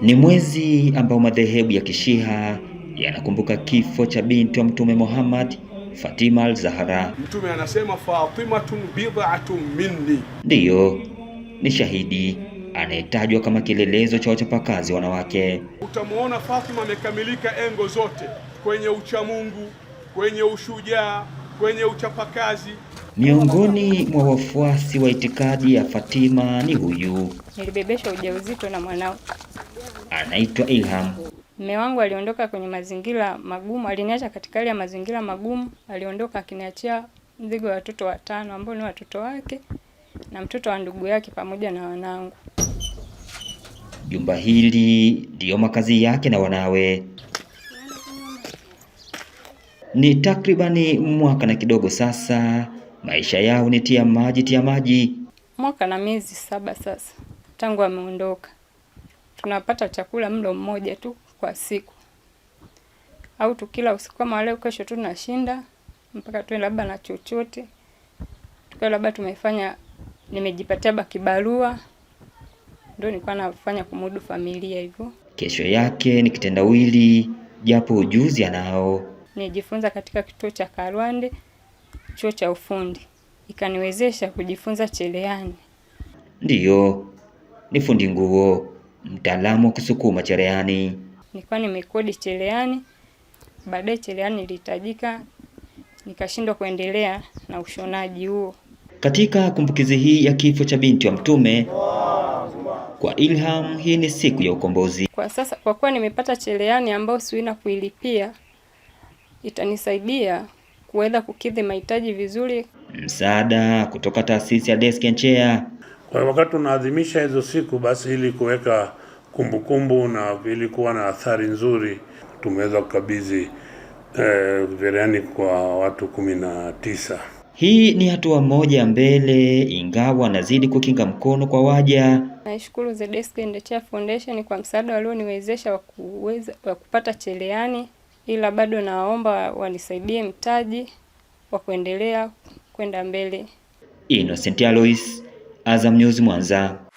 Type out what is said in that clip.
Ni mwezi ambao madhehebu ya Kishiha yanakumbuka kifo cha binti wa Mtume Muhammad Fatima al-Zahra. Mtume anasema Fatimatun bid'atu minni, ndiyo ni shahidi anayetajwa kama kielelezo cha wachapakazi wanawake. Utamwona Fatima amekamilika engo zote, kwenye uchamungu, kwenye ushujaa, kwenye uchapakazi. Miongoni mwa wafuasi wa itikadi ya Fatima ni huyu. Nilibebesha ujauzito na mwanao anaitwa Ilham. Mume wangu aliondoka kwenye mazingira magumu, aliniacha katika hali ya mazingira magumu, aliondoka akiniachia mzigo wa watoto watano ambao ni watoto wake na mtoto wa ndugu yake pamoja na wanangu. Jumba hili ndiyo makazi yake na wanawe. Ni takribani mwaka na kidogo sasa, maisha yao ni tia maji tia maji, mwaka na miezi saba sasa tangu ameondoka tunapata chakula mlo mmoja tu kwa siku, au tukila usiku kama leo, kesho tunashinda mpaka tuwe labda na chochote tukawe labda tumefanya, nimejipatia bakibarua, ndio nilikuwa nafanya kumudu familia hivyo. Kesho yake ni kitendawili, japo ujuzi anao. Nijifunza katika kituo cha Karwande, chuo cha ufundi, ikaniwezesha kujifunza cherehani, ndiyo ni fundi nguo mtaalamu wa kusukuma cherehani. Nilikuwa nimekodi cherehani, baadaye cherehani ilihitajika, nikashindwa kuendelea na ushonaji huo. Katika kumbukizi hii ya kifo cha binti wa Mtume kwa Ilham, hii ni siku ya ukombozi. Kwa sasa, kwa kuwa nimepata cherehani ambayo siwina kuilipia, itanisaidia kuweza kukidhi mahitaji vizuri. Msaada kutoka taasisi ya Desk and Chair. Kwa wakati unaadhimisha hizo siku, basi ili kuweka kumbukumbu na ili kuwa na athari nzuri, tumeweza kukabidhi eh, vyerehani kwa watu kumi na tisa. Hii ni hatua moja mbele, ingawa anazidi kukinga mkono kwa waja. Naishukuru The Desk and Chair Foundation kwa msaada walioniwezesha wa kupata cheleani, ila bado nawaomba wanisaidie mtaji wa kuendelea kwenda mbele. Innocent Alois Azam News Mwanza.